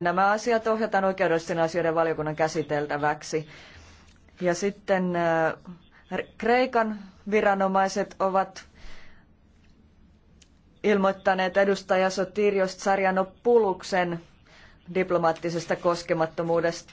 nämä asiat ohjataan oikeudellisten asioiden valiokunnan käsiteltäväksi. Ja sitten äh, Kreikan viranomaiset ovat ilmoittaneet edustaja Sotirios Tsarjanopuluksen diplomaattisesta koskemattomuudesta